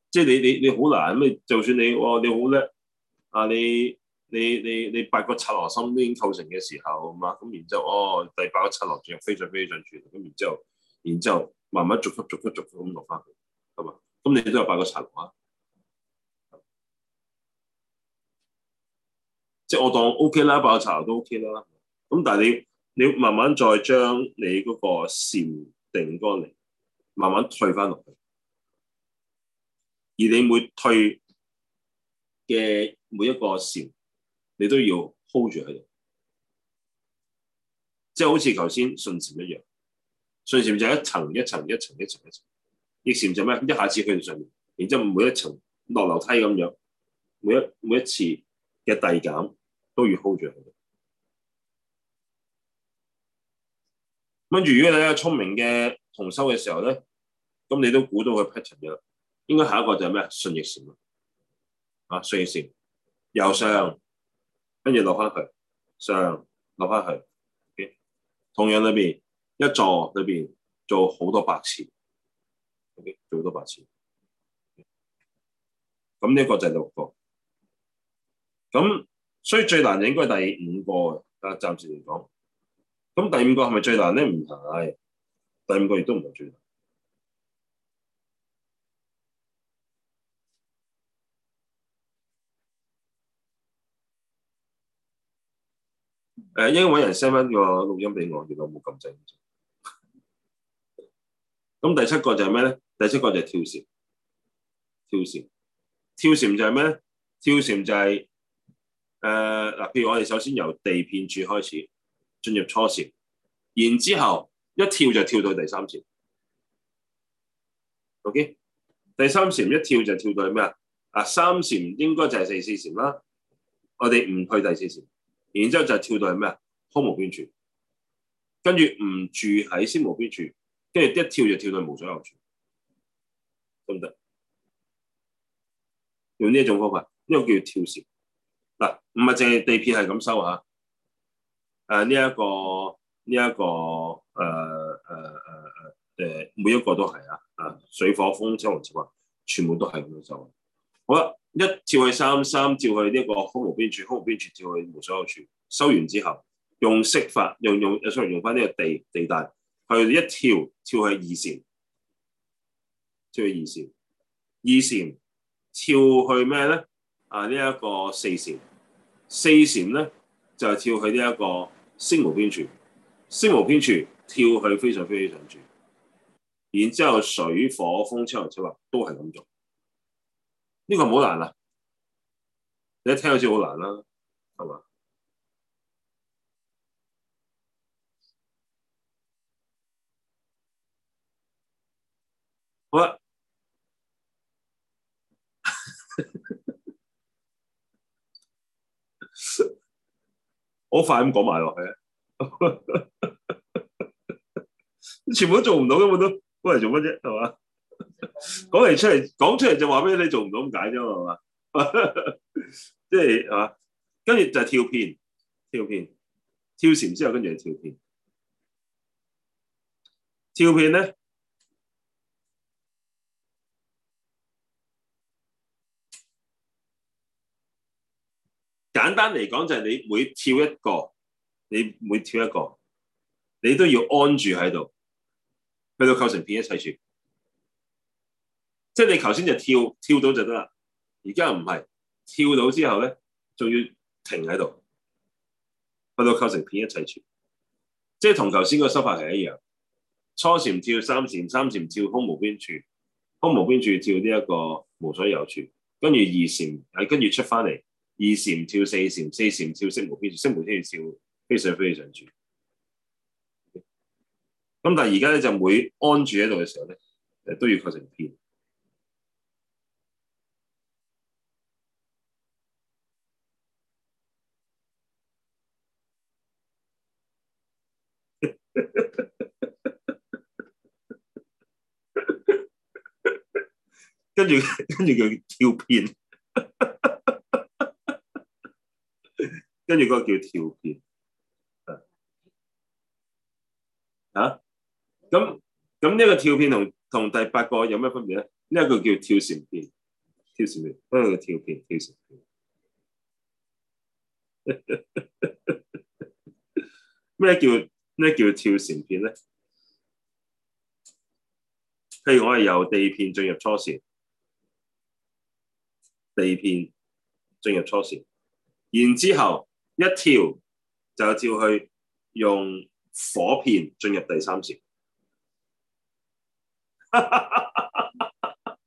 即係你你你好難咁，你，你就算你哦你好叻啊，你你你你八個七羅心都已經構成嘅時候啊嘛，咁然之後哦第八個七羅仲要非常非常似咁，然之後然之後，後慢慢逐級逐級逐級咁落翻去，係嘛？咁你都有八個七羅啊？即係我當 OK 啦，爆茶都 OK 啦。咁但你，你慢慢再將你嗰個禪定過嚟，慢慢退翻落去。而你每退嘅每一個禪，你都要 hold 住喺度，即係好似頭先順禪一樣。順禪就一層一層一層一層一層，逆禪就咩？一下子去到上面，然之後每一層落樓梯咁樣，每一每一次嘅遞減。都要 hold 住佢。跟住，如果你有聰明嘅同修嘅時候咧，咁你都估到佢 pattern 咗。應該下一個就係咩順逆禪啊？順逆禪右上，跟住落翻去，上，落翻去。OK？同樣裏邊一座裏邊做好多百次，OK，做好多百次。咁呢一個就係六個咁。所以最難嘅應該係第五個啊，暫時嚟講。咁第五個係咪最難咧？唔係，第五個亦都唔係最難。誒、啊，英文人 send 返個錄音俾我，原來冇咁正。咁第七個就係咩咧？第七個就係跳禪。跳禪，跳禪就係咩咧？跳禪就係、是。誒嗱，譬、呃、如我哋首先由地遍處開始進入初禪，然之後一跳就跳到第三禪 O.K. 第三禪一跳就跳到係咩啊？啊，三禪應該就係四,四禪啦。我哋唔退第四禪然之後就跳到係咩啊？空無邊處，跟住唔住喺識無邊處，跟住一跳就跳到無所有處，得唔得？用呢一種方法，呢、這個叫跳禪。嗱，唔係淨係地遍係咁收啊！誒呢一個呢一個誒誒誒誒誒，每一個都係啊！啊，水火風，秋雲、秋雲，全部都係咁樣收，好啦，一跳去三，三跳去呢個空無邊處，空無邊處跳去無所有處，收完之後用息法，用用誒，sorry，用返呢個地地帶去一跳跳去二禪，跳去二禪，二禪跳去咩咧？呢一、啊，這個四禪，四禪咧就係、是、跳去呢一個識無邊處，識無邊處跳去非想非非想處，然之後水火風七流七都係咁做，呢、這個唔好難啦、啊，你一聽、啊、好似好難啦，係嘛？好？好快咁講埋落去啊！全部都做唔到根本都，講嚟做乜啫？係嘛？講嚟、嗯、出嚟講出嚟就話俾你，你做唔到咁解啫嘛？係嘛？即係係嘛？跟住就跳遍，跳遍，跳禪之後跟住跳遍，跳遍咧。簡單嚟講，就係你每跳一個，你每跳一個，你都要安住喺度，去到構成片一齊住。即係你頭先就跳跳到就得啦，而家唔係跳到之後咧，仲要停喺度，去到構成片一齊住。即係同頭先個修法係一樣，初禪唔跳三禪，三禪跳空無邊處，空無邊處跳呢一個無所有處，跟住二禪，係跟住出翻嚟。二禪跳四禪，四禪跳識無邊，識無邊跳非想非非想處。咁但係而家咧就每安住喺度嘅時候咧，誒都要靠成遍，跟住跟住佢跳遍。跟住嗰個叫跳遍，啊？咁咁呢個跳遍同同第八個有咩分別咧？呢、這、一個叫跳禪遍，跳禪遍，啊、這個，跳遍，跳禪遍。咩叫咩叫跳禪遍咧？譬如我係由地遍進入初禪，地遍進入初禪，然之後。一跳就照去用火遍進入第三禪，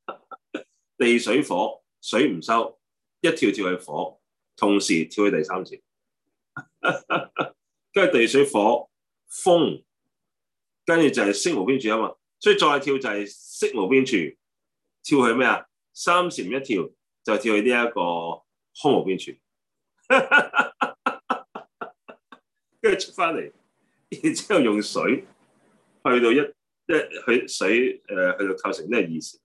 地水火水唔收，一跳跳去火，同時跳去第三禪，跟 住地水火風，跟住就係識無邊處啊嘛，所以再跳就係識無邊處，跳去咩啊？三禪一跳，就跳去呢一個空無邊處。 跟住出翻嚟，然之後用水去到一即係去水誒、呃，去到構成咩意思？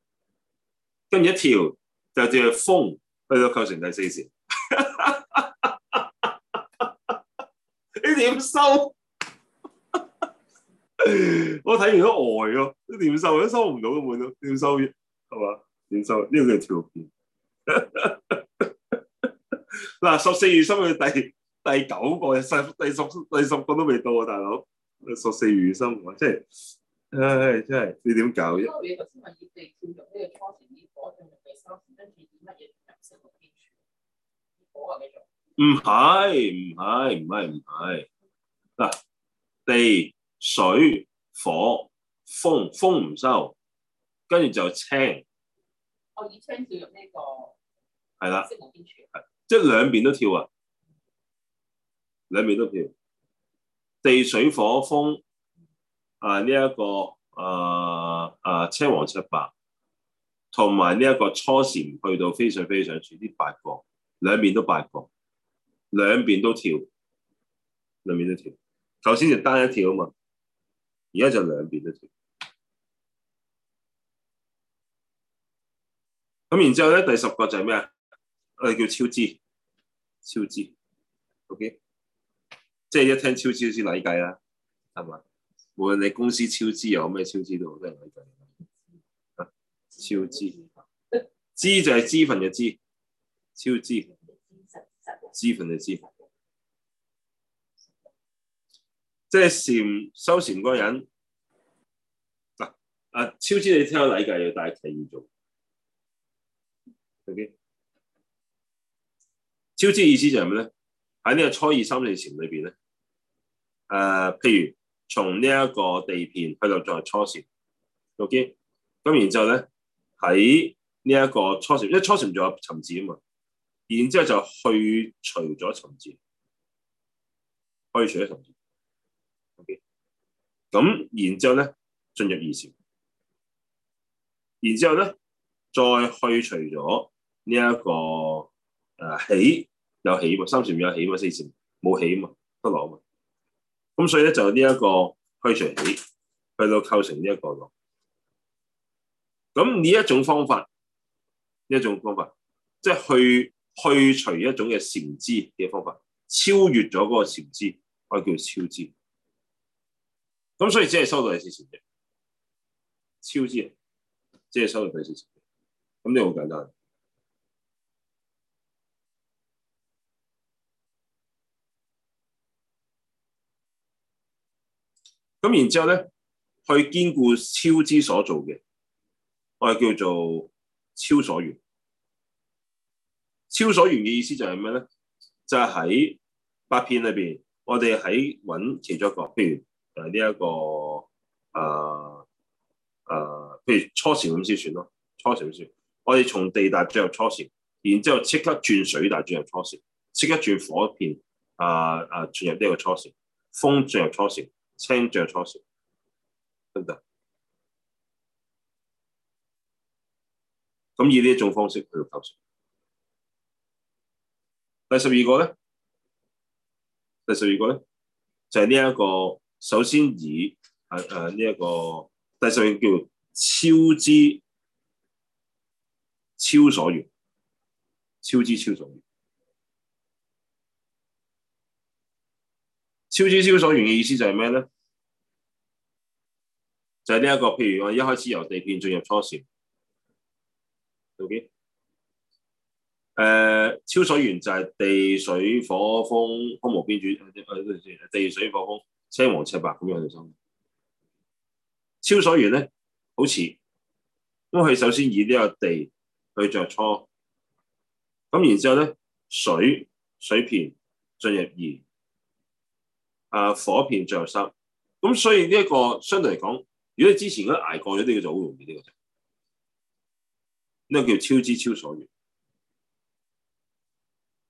跟住一條就叫風去到構成第四線。 你點麼收？ 我睇完都呆咯，你點收都收唔到嘅，冇咯，點收？係嘛？點收？呢個就條片。嗱， 十四月收去第,第九個，十第十第十，第十個都未到啊，大佬，十四御心，即係，唉，真係你點搞啫？唔係唔係唔係唔係嗱，地水火風風唔收，跟住就青。我以青跳入呢個。係啦的。即係兩邊都跳啊！兩面都跳，地水火風啊！呢一個啊啊，青黃赤白，同埋呢一個初禪去到非常非常處，啲八個兩面都八個，兩邊都跳，兩面都跳。頭先就單一跳啊嘛，而家就兩邊都跳。咁然之後咧，第十個就係咩啊？我哋叫超支，超支。OK。即係一聽超超先禮計啦，係嘛？無論你公司超支又有咩超支都好都係禮計。啊，超支，資就係資份嘅資，超資資、嗯嗯、分嘅資。即係禪收禪嗰人嗱，啊，啊超支你聽下禮計要，但係佢要做。嗰、okay? 超支意思就係咩咧？喺呢個初二三面呢、三、四禪裏邊咧。誒、呃，譬如從呢一個地片，去到，佢就做初禪，ok，咁然之後咧喺呢一個初禪，因為初禪仲有沉字啊嘛，然之後就去除咗沉字，去除咗沉字，ok，咁然之後咧進入二禪，然之後咧再去除咗呢一個誒、啊、起有起嘛，三禪有起嘛，四禪冇起啊嘛，不落啊嘛。咁所以咧就呢一個去除起，去到構成呢一個囉。咁呢一種方法，一種方法，即係去去除一種嘅禪支嘅方法，超越咗嗰個禪支，可以叫超支。咁所以只係收到第四禪啫，超支，即係收到第四禪。咁呢個好簡單。咁然之後咧，去兼顧超之所做嘅，我哋叫做超所緣。超所緣嘅意思就係咩咧？就係喺八遍裏邊，我哋喺揾其中一個，譬如誒呢一個誒誒、啊啊，譬如初禪咁先算咯。初禪咁算，我哋從地大進入初禪，然之後即刻轉水大進入初禪，即刻轉火片，誒誒進入呢個初禪，風進入初禪。清着初時，得唔得？咁以呢一種方式去教授。第十二個咧，第十二個咧，就係呢一個。首先以誒誒呢一個，第十二叫超之超所願、超之超所願。超支超所緣嘅意思就係咩咧？就係呢一個，譬如我一開始由地遍進入初禪，OK？誒，超所緣就係地水，火風，空無、呃、地水火風風毛邊處地水火風青黃赤白咁樣嘅生。超所緣咧，好似咁佢首先以呢個地去着初，咁然之後咧水水遍進入二。誒、啊、火片着身，咁所以呢、呢、一個相對嚟講，如果你之前都啲捱過咗呢個，就好容易呢、呢個呢咩、呢個、叫超之超所願？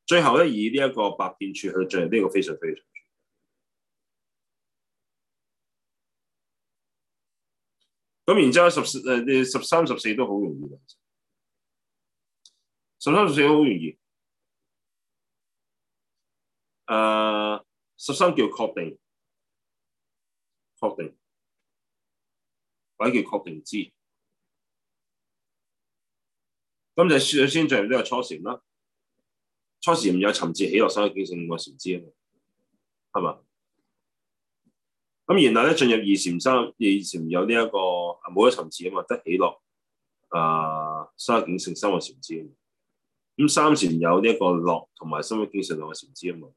最後咧以呢一個白片處去着呢個非常非常。咁然之後十誒十三十四都好容易，十三十四好容易。誒。啊。十三叫確定，確定，或者叫確定知。咁就咗先進入呢個初禪啦。初禪有沉智起落生三境性六個禪知啊嘛，係嘛？咁然後咧進入二禪三二禪有呢、這、一個冇咗沉智啊嘛，得起落啊三境性三個禪知，咁三禪有呢一個落同埋三境性兩個禪知啊嘛。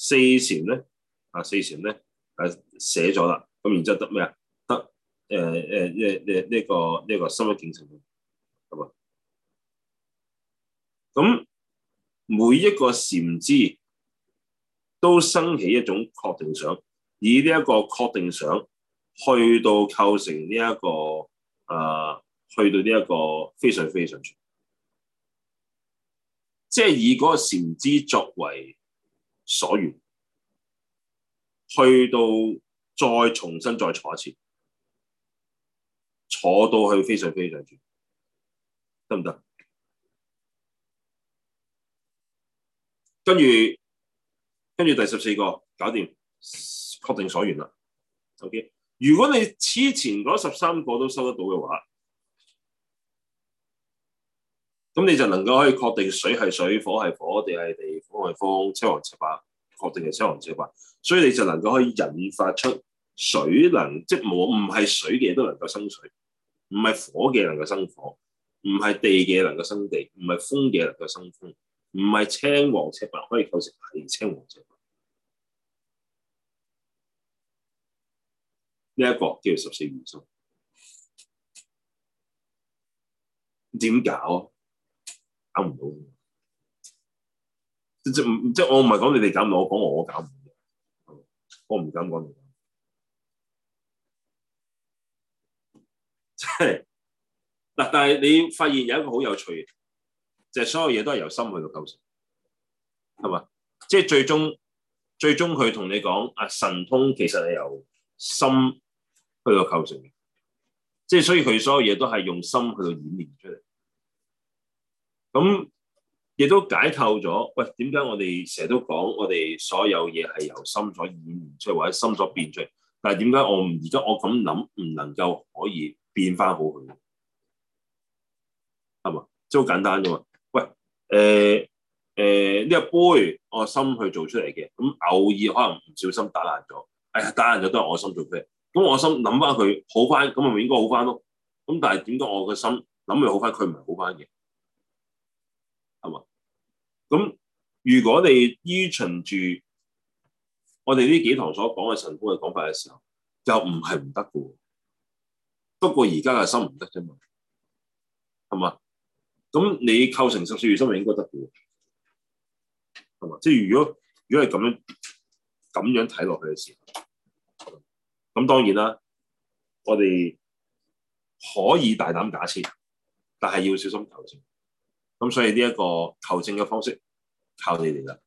四禪咧，啊四禪咧，誒寫咗啦，咁然之後得咩啊？得誒誒，呢呢呢個呢、呢個心一境性，係嘛？咁每一個禪支都生起一種確定想，以呢一個確定想去到構成呢、呢、一個誒、啊，去到呢一個非常非常即係以嗰個禪支作為。鎖完，去到再重新再坐一次，坐到去非常非常住，得唔得？跟住跟住第十四個搞掂，確定鎖完啦。OK，如果你之前嗰十三個都收得到嘅話。咁你就能夠可以確定水係水、火係火、地係地、風係風、青黃赤白確定係青黃赤白，所以你就能夠可以引發出水能，即冇唔係水嘅都能夠生水，唔係火嘅能夠生火，唔係地嘅能夠生地，唔係風嘅能夠生風，唔係青黃赤白可以構成係青黃赤白。呢、這、一個叫做十四元素，點搞？搞唔到，即即唔即我唔係講你哋搞唔到，我講我搞唔到，我唔敢講你哋搞唔到。即嗱、即係，但係你發現有一個好有趣嘅，就係、是、所有嘢都係由心去到構成，係嘛？即、即係、最終最終佢同你講啊，神通其實係由心去到構成嘅，即、即係、所以佢所有嘢都係用心去到演練出嚟。咁亦都解透咗，喂，點解我哋成日都講我哋所有嘢係由心所演變出或者心所變出？但係點解我唔而家我咁諗唔能夠可以變翻好佢？係嘛，即係好簡單啫嘛。喂，誒誒呢個杯我心去做出嚟嘅，咁偶爾可能唔小心打爛咗，哎呀打爛咗都係我心做嘅，咁我心諗翻佢好翻，咁咪應該好翻咯。咁但係點解我個心諗佢好翻，佢唔係好翻嘅？咁如果你依循住我哋呢幾堂所講嘅神通嘅講法嘅時候，就唔係唔得嘅。不過現在的不而家嘅心唔得啫嘛，係嘛？咁你構成十四御心係應該得嘅，係嘛？即係如果如果係咁樣咁樣睇落去嘅時候，咁當然啦，我哋可以大膽假設，但係要小心求證。咁所以呢一個求證嘅方式，靠你哋啦！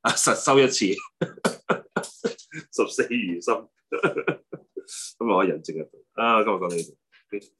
啊，實收一次，呵呵十四御心，咁我人證入啊，今日講呢啲。